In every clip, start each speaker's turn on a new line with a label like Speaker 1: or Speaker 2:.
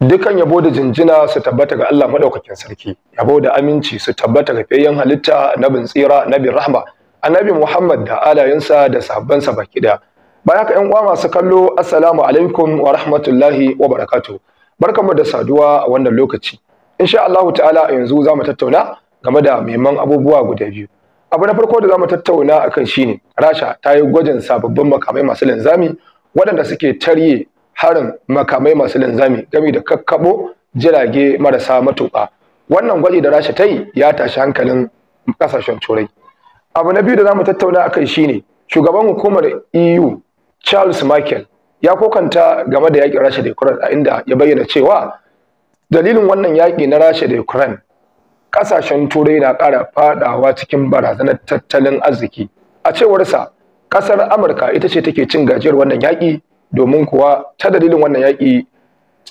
Speaker 1: dukan yabo da jinjina su tabbata ga Allah madaukakin sarki yabo da aminci su tabbata ga fayyan halitta nabin tsira nabin rahma annabi Muhammad da alayensa da sabansa baki daya baya ka yan uwa masu kallo assalamu alaikum wa rahmatullahi wa barakatuh barkamu da saduwa a wannan lokaci insha Allah ta'ala yanzu zamu tattauna game da meman abubuwa guda biyu abu na farko da zamu tattauna akan shine Rasha ta yi gwajin sababbin makamai masu linzami waɗanda suke tarye harin makamai masu linzami gami da kakkabo jirage marasa matuƙa wannan gwaji da rasha ta yi ya tashi hankalin ƙasashen turai abu na biyu da zamu tattauna akai shine shugaban hukumar EU Charles Michael ya kokanta game da yakin Rasha da Ukraine a inda ya bayyana cewa dalilin wannan yaƙi na Rasha da Ukraine Ƙasashen turai na ƙara faɗawa cikin barazanar tattalin arziki a cewarsa, ƙasar Amurka ita ce take cin gajiyar wannan yaƙi. domin kuwa ta dalilin wannan yaƙi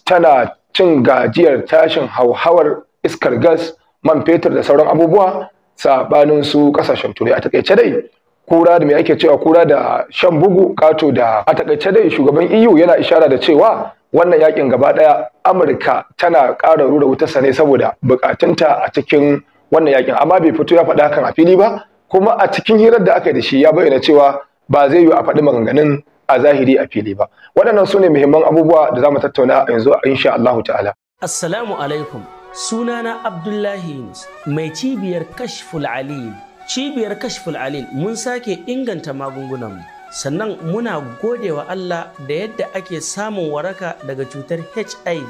Speaker 1: tana cin gajiyar tashin hauhawar iskar gas man fetur da sauran abubuwa saɓanin su ƙasashen turai a takaice dai kura da mai ake cewa kura da shan bugu kato da a takaice dai shugaban EU yana ishara da cewa wannan yakin gaba daya Amurka tana ƙara rura wuta sane saboda bukatunta a cikin wannan yakin amma bai fito ya faɗa hakan a fili ba kuma a cikin hirar da aka yi da shi ya bayyana cewa ba zai yiwu a faɗi maganganun a zahiri a fili ba waɗannan su ne muhimman abubuwa da za mu tattauna yanzu insha Allahu ta'ala
Speaker 2: assalamu alaikum sunana abdullahi yunus mai cibiyar kashful alil cibiyar kashful alil mun sake inganta magungunan mu, sannan muna gode wa allah da yadda ake samun waraka daga cutar hiv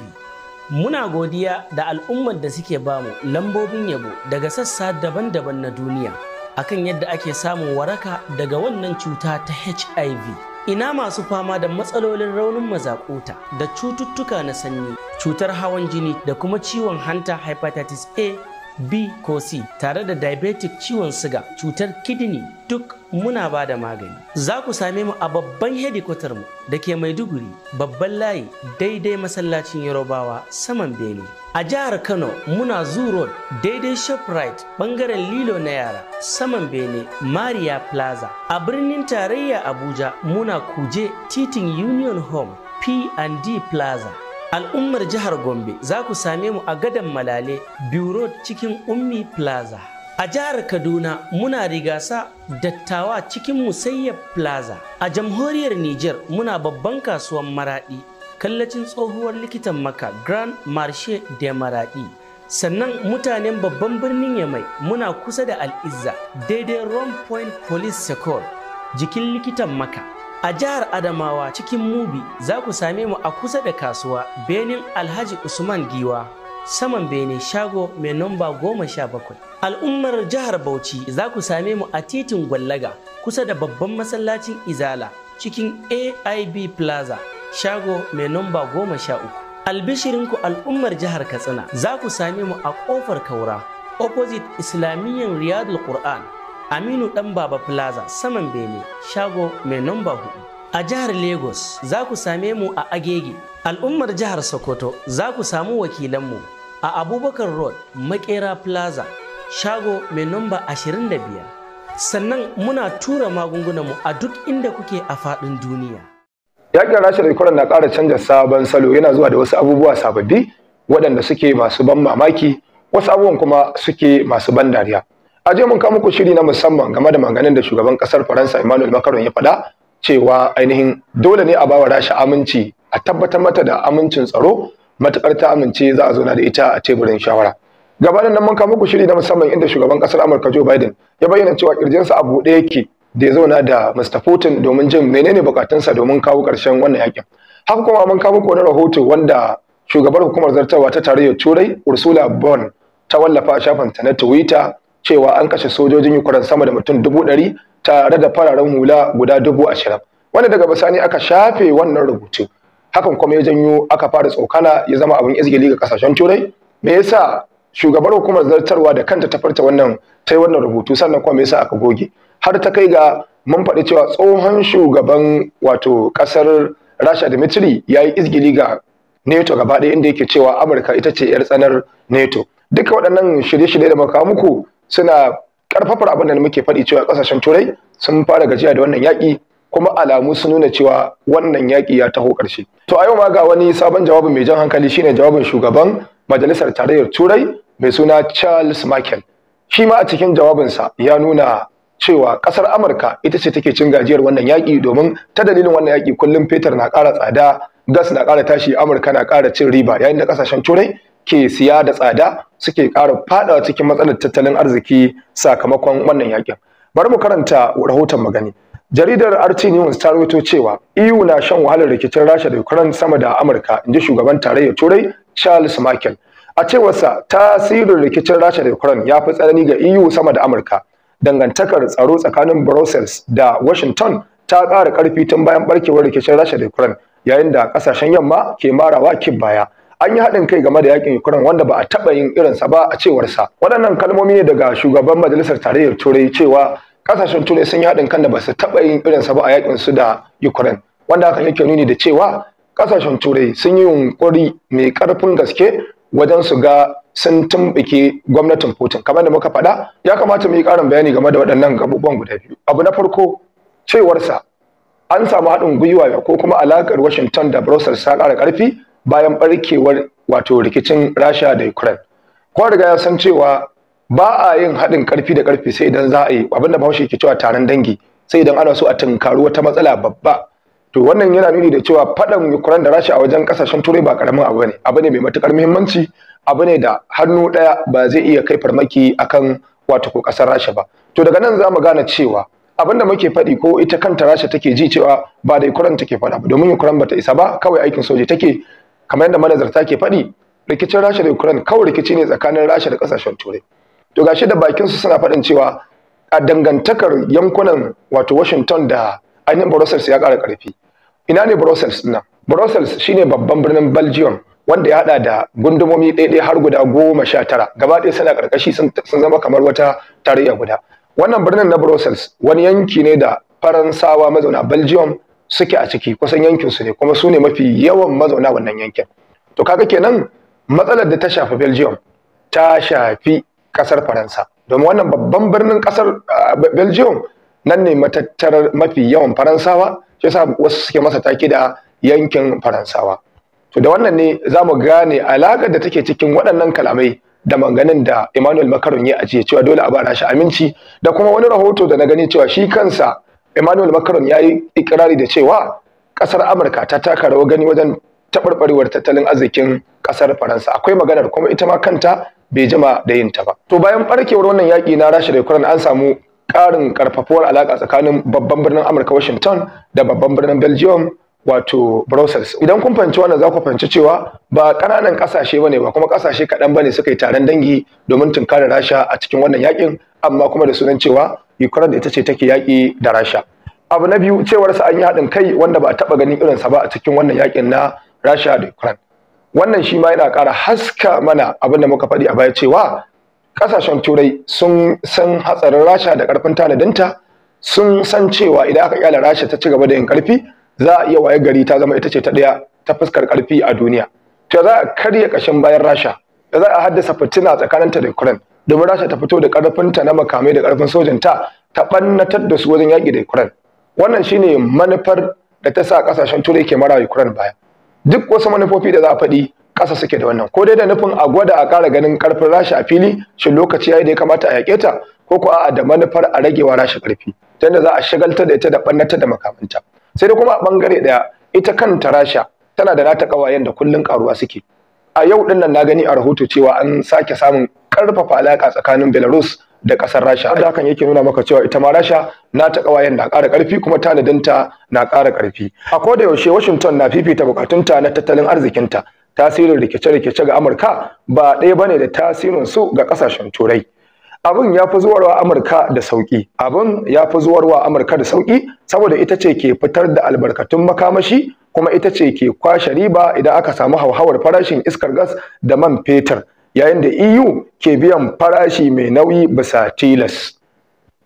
Speaker 2: muna godiya da al'ummar da suke bamu lambobin yabo daga sassa daban-daban na duniya akan yadda ake samun waraka daga wannan cuta ta hiv ina masu fama da matsalolin raunin mazakuta da cututtuka na sanyi cutar hawan jini da kuma ciwon hanta hepatitis a b ko c tare da diabetic ciwon siga cutar kidney duk muna ba da magani za ku same mu a babban hedikwatar mu da ke maiduguri babban layi daidai masallacin yarobawa saman bene a jihar kano muna zoo road daidai shoprite bangaren lilo na yara saman bene maria plaza a birnin tarayya abuja muna kuje titin union home p&d plaza al'ummar jihar gombe za ku same mu a gadon malale biro cikin ummi plaza a jihar kaduna muna rigasa dattawa cikin musayyar plaza a jamhuriyar niger muna babban kasuwan maradi kallacin tsohuwar likitan maka grand marche de maradi sannan mutanen babban birnin yamai muna kusa da al'izza daidai rome point police secor jikin likitan maka A jihar Adamawa cikin Mubi za ku same mu a kusa da kasuwa Benin Alhaji Usman Giwa saman bene shago mai namba goma sha bakwai. Al'ummar jihar Bauchi za ku same mu a titin Gwallaga kusa da babban masallacin Izala cikin AIB Plaza shago mai namba goma sha uku. Albishirinku al'ummar jihar Katsina za ku same mu a ƙofar Kaura opposite Islamiyyar Riyadul Qur'an aminu dan baba plaza saman bene shago mai namba hudu a jihar lagos za ku same mu a agege al'ummar jihar sokoto za ku samu wakilanmu a abubakar road makera plaza shago mai namba 25 sannan muna tura magungunanmu a duk inda kuke a faɗin duniya
Speaker 1: Yaƙin rashin rikuran na ƙara canja sabon salo yana zuwa da wasu abubuwa sababbi waɗanda suke masu ban mamaki wasu abubuwan kuma suke masu ban dariya a je mun kawo muku shiri na musamman game da maganin da shugaban kasar Faransa Emmanuel Macron ya faɗa cewa ainihin dole ne a bawa Rasha aminci a tabbatar mata da amincin tsaro matakar ta amince za a zo na da ita a teburin shawara gabanin nan mun kawo muku shiri na musamman inda shugaban kasar Amurka Joe Biden ya bayyana cewa kirjinsa a buɗe yake da ya zauna da Mr. Putin domin jin menene bukatunsa domin kawo ƙarshen wannan yakin. Haka kuma mun kawo muku wani rahoto wanda shugabar hukumar zartarwa ta tarayyar Turai Ursula Bon ta wallafa a shafinta na Twitter cewa an kashe sojojin Ukraine sama da mutum dubu ɗari tare da fararen hula guda dubu ashirin wanda daga bisani aka shafe wannan rubutu hakan kuma ya janyo aka fara tsokana ya zama abin izgili ga kasashen turai me yasa shugabar hukumar zartarwa da kanta ta farta wannan ta yi wannan rubutu sannan kuma me yasa aka goge har ta kai ga mun faɗi cewa tsohon shugaban wato ƙasar rasha dimitri ya yi izgili ga neto gaba ɗaya inda yake cewa amurka ita ce 'yar tsanar neto duka waɗannan shirye-shirye da muka muku suna karfafar abin da muke faɗi cewa kasashen turai sun fara gajiya da wannan yaƙi kuma alamu sun nuna cewa wannan yaƙi ya taho ƙarshe to a yau ma ga wani sabon jawabin mai jan hankali shine jawabin shugaban majalisar tarayyar turai mai suna charles michael shi ma a cikin jawabinsa ya nuna cewa ƙasar amurka ita ce take cin gajiyar wannan yaƙi domin ta dalilin wannan yaƙi kullum fetur na ƙara tsada gas na ƙara tashi amurka na ƙara cin riba yayin da ƙasashen turai ke siya da tsada suke ƙara fada cikin matsalar tattalin arziki sakamakon wannan yakin bari mu karanta rahoton magani jaridar RT News ta rawaito cewa EU na shan wahalar rikicin Rasha da Ukraine sama da Amurka inji shugaban tarayyar Turai Charles Michael a cewarsa tasirin rikicin Rasha da Ukraine ya fi tsanani ga EU sama da Amurka dangantakar tsaro tsakanin Brussels da Washington ta ƙara ƙarfi tun bayan barkewar rikicin Rasha da Ukraine yayin da ƙasashen yamma ke marawa kin baya an yi haɗin kai game da yakin Ukraine wanda ba a taɓa yin irinsa ba a cewarsa. Waɗannan kalmomi ne daga shugaban majalisar tarayyar Turai cewa ƙasashen Turai sun yi haɗin kan da ba su taɓa yin irinsa ba a yakin su da Ukraine. Wanda hakan yake nuni da cewa ƙasashen Turai sun yi yunƙuri mai ƙarfin gaske wajen su ga sun tumɓuke gwamnatin Putin. Kamar da muka faɗa, ya kamata mu yi ƙarin bayani game da waɗannan gabubuwan guda biyu. Abu na farko cewarsa an samu haɗin gwiwa ko kuma alaƙar Washington da Brussels ta ƙara ƙarfi bayan barkewar wato rikicin Rasha da Ukraine ko riga ya san cewa ba a yin haɗin ƙarfi da ƙarfi sai idan za a yi abinda Bahaushe ke cewa taron dangi sai idan ana so a tunkaru wata matsala babba to wannan yana nuni da cewa faɗan Ukraine da Rasha a wajen ƙasashen Turai ba ƙaramin abu ne abu ne mai matuƙar muhimmanci abu ne da hannu ɗaya ba zai iya kai farmaki akan wato ko ƙasar Rasha ba to daga nan za mu gane cewa abinda muke faɗi ko ita kanta Rasha take ji cewa ba da Ukraine take faɗa ba domin Ukraine bata isa ba kawai aikin soji take kamar yadda manazarta ke faɗi rikicin Rasha da Ukraine kawai rikici ne tsakanin Rasha da kasashen Turai to gashi da bakin su suna faɗin cewa a dangantakar yankunan wato Washington da ainihin Brussels ya ƙara ƙarfi ina ne Brussels nan Brussels shine babban birnin Belgium wanda ya haɗa da gundumomi ɗaiɗai har guda goma sha tara gaba ɗaya suna ƙarƙashi sun zama kamar wata tarayya guda wannan birnin na Brussels wani yanki ne da Faransawa mazauna Belgium suke a ciki kusan yankin su ne kuma su ne mafi yawan mazauna wannan yankin to kaga kenan matsalar da ta shafi Belgium ta shafi kasar Faransa domin wannan babban birnin kasar ah, Belgium nan ne matattarar mafi yawan Faransawa shi yasa wasu suke masa take da yankin Faransawa to da wannan ne zamu gane alaƙar da take cikin waɗannan kalamai da manganin da Emmanuel Macron ya ajiye cewa dole a bara shi aminci da kuma wani rahoto da na gani cewa shi kansa Emmanuel Macron ya yi ikirari da cewa ƙasar Amurka ta taka rawa gani wajen taɓarɓarewar tattalin arzikin ƙasar Faransa. Akwai maganar kuma ita ma kanta bai jima da yin ta ba. To bayan ɓarkewar wannan yaƙi na Rasha da Ukraine an samu ƙarin ƙarfafuwar alaƙa tsakanin babban birnin Amurka Washington da babban birnin Belgium wato Brussels. Idan kun fahimci wannan za ku fahimci cewa ba ƙananan ƙasashe bane ba kuma ƙasashe kaɗan bane suka yi taron dangi domin tunkarar Rasha a cikin wannan yakin amma kuma da sunan cewa Ukraine ita ce take yaki da Rasha abu na biyu cewar sa an yi haɗin kai wanda ba a taɓa ganin irinsa ba a cikin wannan yakin na Rasha da Ukraine wannan shi ma yana ƙara haska mana abin da muka faɗi a baya cewa ƙasashen turai sun san hatsarin Rasha da ƙarfin tanadinta sun san cewa idan aka kyala Rasha ta ci gaba da yin ƙarfi za a iya waye gari ta zama ita ce ta ɗaya ta fuskar ƙarfi a duniya to za a karya ƙashin bayan Rasha za a haddasa fitina tsakaninta da Ukraine domin rasha ta fito da ƙarfinta na makamai da ƙarfin sojanta ta ɓannatar da su wajen yaƙi da ukraine wannan shine manufar da ta sa ƙasashen turai ke mara ukraine baya duk wasu manufofi da za a faɗi ƙasa suke da wannan ko dai da nufin a gwada a ƙara ganin ƙarfin rasha a fili shin lokaci yayi da ya kamata a yaƙe ta ko ko a'a da manufar a ragewa rasha ƙarfi ta da za a shagaltar da ita da ɓannatar da makamanta sai dai kuma a ɓangare ɗaya ita kanta rasha tana da nata ƙawayen da kullum ƙaruwa suke a yau ɗin na gani a rahoto cewa an sake samun karfafa alaka tsakanin Belarus da kasar Rasha Wanda hakan yake nuna maka cewa ita ma Rasha na ta kawayen na ƙara ƙarfi kuma nadinta na ƙara ƙarfi a koda yaushe Washington na fifita bukatunta na tattalin arzikinta tasirin rikice-rikice ga Amurka ba ɗaya bane da tasirin su ga ƙasashen Turai abin ya fi zuwarwa Amurka da sauki abin ya fi zuwarwa Amurka da sauki saboda ita ce ke fitar da albarkatun makamashi kuma ita ce ke kwashe riba idan aka samu hauhawar farashin iskar gas da man fetur yayin da EU ke biyan farashi mai nauyi bisa tilas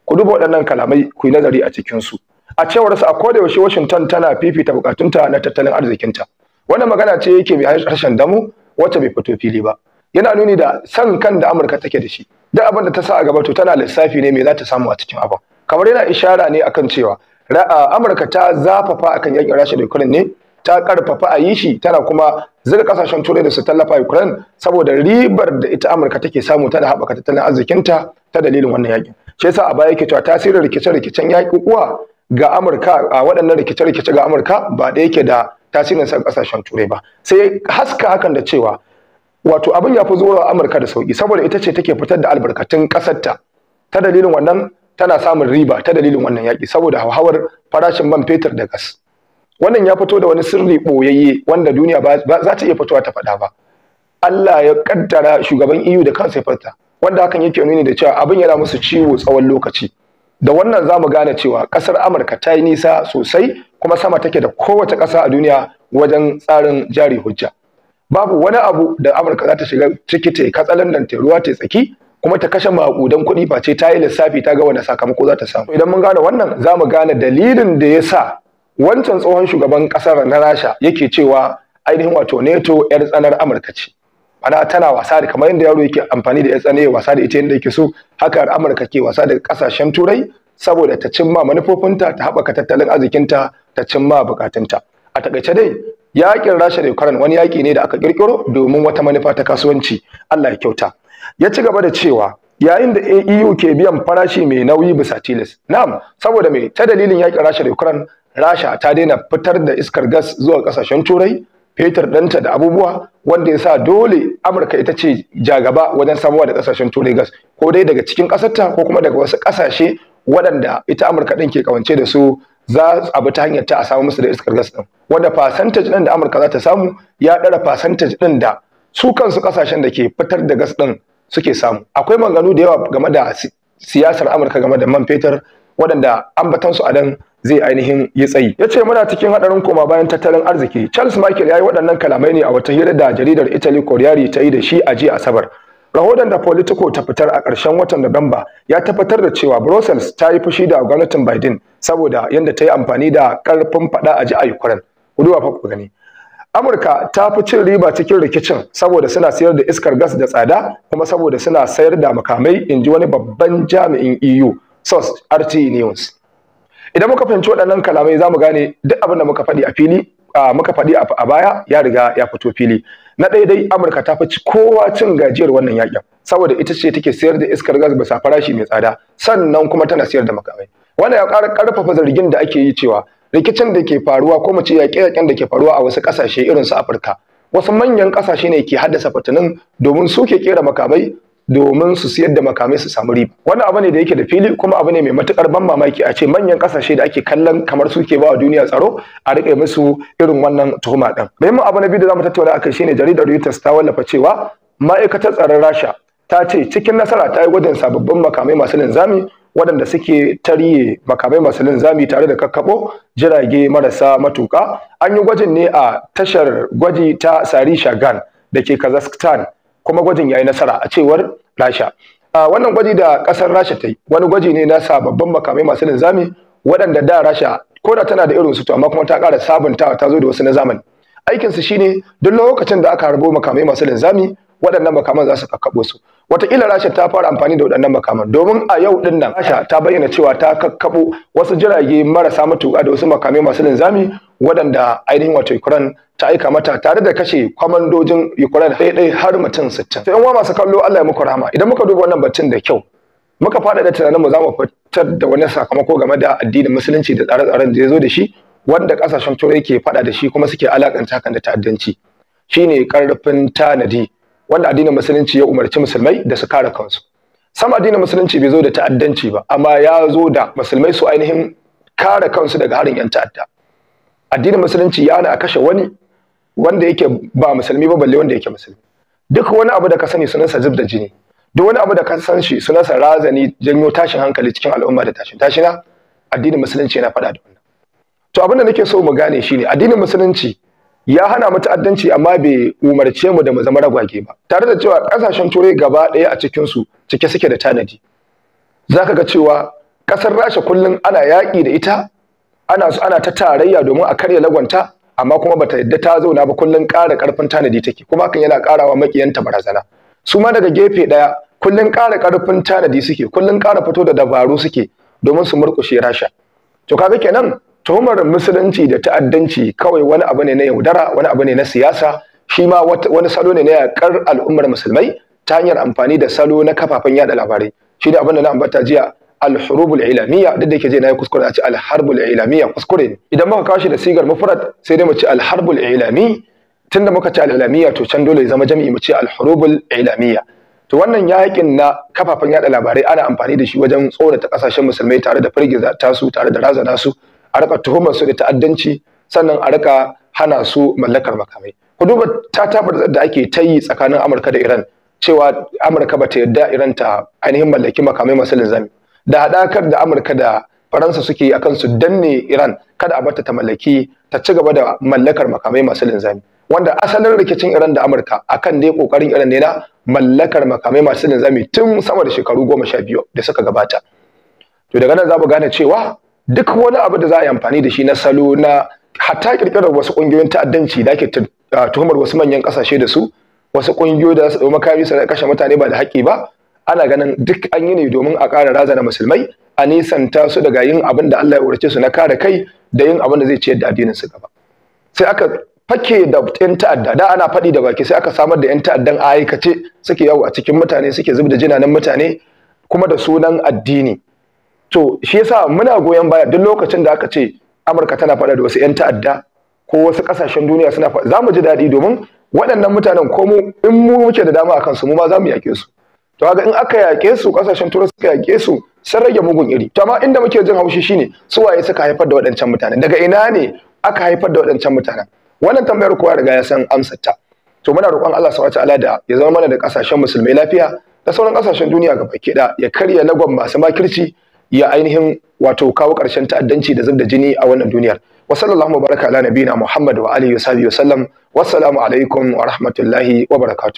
Speaker 1: ku duba waɗannan kalamai ku yi nazari a cikin su a cewar su a koda yaushe Washington tana fifita bukatunta na tattalin arzikinta wannan magana ce yake mai harshen damu wacce bai fito fili ba yana nuni da san kan da Amurka take da shi duk abin da ta sa a gaba to tana lissafi ne me za ta samu a cikin abin kamar yana ishara ne akan cewa Amurka ta zafafa akan yakin Rasha da Ukraine ne ta karfafa a yi shi tana kuma zira kasashen turai da su tallafa Ukraine saboda ribar da ita Amurka take samu ta da haɓaka tattalin arzikinta ta dalilin wannan yakin shi yasa a baya yake cewa tasirin rikice-rikicen yaƙi uwa ga Amurka a waɗannan rikice-rikice ga Amurka ba ɗaya yake da tasirin sa kasashen turai ba sai haska hakan da cewa wato abin ya fi zuwa Amurka da sauki saboda ita ce take fitar da albarkatun ƙasarta ta dalilin wannan tana samun riba ta dalilin wannan yaƙi saboda hauhawar farashin man fetur da gas wannan ya fito da wani sirri boyayye wanda duniya ba za ta iya fitowa ta faɗa ba Allah ya kaddara shugaban EU da kansa ya fata wanda hakan yake nuni da cewa abin yana musu ciwo tsawon lokaci da wannan zamu gane cewa kasar Amurka ta yi nisa sosai kuma sama take da kowace ƙasa a duniya wajen tsarin jari hujja babu wani abu da Amurka za ta shiga ciki ta katsalan nan ta ruwa ta tsaki kuma ta kashe maƙudan kuɗi face ta yi lissafi ta ga wani sakamako za ta samu idan mun gane wannan zamu gane dalilin da ya sa wancan tsohon shugaban kasar na Rasha yake cewa ainihin wato neto yar tsanar Amurka ce ana tana wasa da kamar yadda yaro yake amfani da yar tsanar wasa da ita yadda yake so haka yar Amurka ke wasa da kasashen Turai saboda ta cimma manufofinta ta haɓaka tattalin arzikinta ta cimma bukatunta a takaice dai yakin Rasha da Ukraine wani yaki ne da aka kirkiro domin wata manufa ta kasuwanci Allah ya kyauta ya ci gaba da cewa yayin da EU ke biyan farashi mai nauyi bisa tilas. Na'am, saboda me ta dalilin yakin Rasha da Rasha ta daina fitar da iskar gas zuwa kasashen Turai, fetur ɗanta da abubuwa wanda ya sa dole Amurka ita ce jagaba wajen samuwa da kasashen Turai gas, ko dai daga cikin ƙasarta ko kuma daga wasu ƙasashe waɗanda ita Amurka ɗin ke kawance da su za a bi ta hanyar ta a samu musu da iskar gas ɗin. Wanda percentage ɗin da Amurka za ta samu ya ɗara percentage ɗin da su kansu ƙasashen da ke fitar da gas ɗin suke samu akwai maganganu da yawa game da siyasar Amurka game da man fetur waɗanda ambatansu su a dan zai ainihin yi tsayi ya ce muna cikin haɗarin koma bayan tattalin arziki charles michael ya yi waɗannan kalamai ne a wata hira da jaridar italy koriyari ta yi da shi a jiya asabar rahoton da politico ta fitar a ƙarshen watan Nuwamba ya tabbatar da cewa brussels ta yi fushi da gwamnatin biden saboda yadda ta yi amfani da ƙarfin faɗa a ji a ukraine ku fa gani Amurka ta fi cin riba cikin rikicin saboda suna sayar da iskar gas da tsada kuma saboda suna sayar da makamai in ji wani babban jami'in EU source RT News. Idan muka fahimci waɗannan kalamai za mu gane duk abin da muka faɗi a fili muka faɗi a baya ya riga ya fito fili. Na ɗaya dai Amurka ta fi kowa cin gajiyar wannan yaƙin saboda ita ce take sayar da iskar gas bisa farashi mai tsada sannan kuma tana sayar da makamai. Wannan ya ƙara ƙarfafa zargin da ake yi cewa rikicin da ke faruwa ko mace ya yaƙe-yaƙen da ke faruwa a wasu ƙasashe irin su Afirka wasu manyan ƙasashe ne ke haddasa fitinin domin su ke kera makamai domin su siyar da makamai su samu riba wani abu ne da yake da fili kuma abu ne mai matukar ban mamaki a ce manyan kasashe da ake kallon kamar su ke bawa duniya tsaro a rike musu irin wannan tuhuma din muhimmin abu na biyu da zamu tattauna shi shine jaridar Reuters ta wallafa cewa ma'aikatar tsaron Rasha ta ce cikin nasara ta yi gwajin sababbin makamai masu linzami waɗanda suke tariye makamai masu linzami tare da kakkaɓo jirage marasa matuƙa an yi gwajin ne a tashar gwaji ta sari shagan da ke kazakhstan kuma gwajin ya yi nasara a cewar rasha a wannan gwaji da ƙasar rasha ta yi wani gwaji ne na sababbin makamai masu linzami waɗanda da rasha ko da tana da irin su to amma kuma ta ƙara sabuntawa ta zo da wasu na zamani aikinsu shine duk lokacin da aka harbo makamai masu linzami waɗannan makaman za su kakkaɓo su wataƙila rasha ta fara amfani da waɗannan makaman domin a yau ɗin nan rasha ta bayyana cewa ta kakkaɓo wasu jirage marasa matuƙa da wasu makamai masu linzami waɗanda ainihin wato ukraine ta aika mata tare da kashe kwamandojin ukraine ɗaya har mutum sittin sai uwa masu kallo allah ya muku rahama idan muka duba wannan batun da kyau muka faɗa da tunaninmu za mu fitar da wani sakamako game da addinin musulunci da tsare-tsaren da ya zo da shi wanda ƙasashen turai ke faɗa da shi kuma suke alaƙanta hakan da ta'addanci shine ƙarfin tanadi wanda addinin musulunci ya umarci musulmai da su kare kansu sam addinin musulunci bai zo da ta'addanci ba amma ya zo da musulmai su ainihin kare kansu daga harin yan ta'adda addinin musulunci ya na kashe wani wanda yake ba musulmi ba balle wanda yake musulmi duk wani abu da ka sani sunansa zub da jini duk wani abu da ka san shi sunansa razani janyo tashin hankali cikin al'umma da tashin tashina addinin musulunci yana faɗa da wannan to abin da nake so mu gane shine addinin musulunci ya hana mu ta'addanci amma bai umarce mu da mu zama ragwage ba tare da cewa kasashen turai gaba ɗaya a cikin su cike suke da tanadi zaka ga cewa kasar Rasha kullun ana yaki da ita ana su ana ta tarayya domin a karya lagwanta amma kuma bata yadda ta zauna ba kullun ƙara ƙarfin tanadi take kuma hakan yana ƙarawa makiyanta barazana su ma daga gefe ɗaya kullun ƙara ƙarfin tanadi suke kullun ƙara fito da dabaru suke domin su murƙushe Rasha to kaga kenan tuhumar musulunci da ta'addanci kawai wani abu ne na yaudara wani abu ne na siyasa shi ma wani salo ne na yakar al'ummar musulmai ta hanyar amfani da salo na kafafen yada labarai shi da abin da na ambata jiya al-hurubul duk da yake je na yi kuskure a ce al kuskure ne idan muka kawo shi da sigar mufrad sai dai mu ce alharbul harbul tun tunda muka ce al to can dole ya zama jami'i mu ce alhurubul hurubul to wannan yakin na kafafen yada labarai ana amfani da shi wajen tsorata kasashen musulmai tare da firgiza tasu tare da razana su a rika tuhumar su da ta'addanci sannan a rika hana su mallakar makamai ku duba ta tabar da ake ta yi tsakanin Amurka da Iran cewa Amurka ba ta yarda Iran ta ainihin mallaki makamai masu linzami da haɗakar da Amurka da Faransa suke yi akan su danne Iran kada a bata ta mallaki ta ci gaba da mallakar makamai masu linzami wanda asalin rikicin Iran da Amurka akan dai kokarin Iran ne na mallakar makamai masu linzami tun sama da shekaru goma sha biyu da suka gabata to daga nan za mu gane cewa duk wani abu da za a yi amfani da shi na salo na hatta kirkirar wasu ƙungiyoyin ta'addanci da ake tuhumar wasu manyan ƙasashe da su wasu ƙungiyoyi da su ɗau makami su kashe mutane ba da haƙƙi ba ana ganin duk an yi ne domin a ƙara razana musulmai a nisanta su daga yin abin da Allah ya umarce su na kare kai da yin abin da zai ciyar da addinin su gaba sai aka fake da yan ta'adda da ana faɗi da baki sai aka samar da yan ta'addan a aikace suke yawo a cikin mutane suke zubda jinanan mutane kuma da sunan addini to shi yasa muna goyon baya duk lokacin da aka ce Amurka tana faɗa da wasu 'yan ta'adda ko wasu ƙasashen duniya suna faɗa za mu ji daɗi domin waɗannan mutanen ko mu in mu muke da dama a kansu mu ma za mu yaƙe su to kaga in aka yaƙe su ƙasashen turai suka yaƙe su sun rage mugun iri to amma inda muke jin haushi shine su waye suka haifar da waɗancan mutanen daga ina ne aka haifar da waɗancan mutanen wannan tambayar kowa riga ya san amsar ta to muna roƙon Allah subhanahu wataala da ya zama mana da ƙasashen musulmai lafiya da sauran ƙasashen duniya gaba ɗaya ya karya lagon masu makirci ya ainihin wato kawo ƙarshen ta'addanci da zubda jini a wannan duniyar wa sallallahu baraka ala muhammad wa alihi wa sahbihi wa sallam alaikum wa rahmatullahi wa barakatuh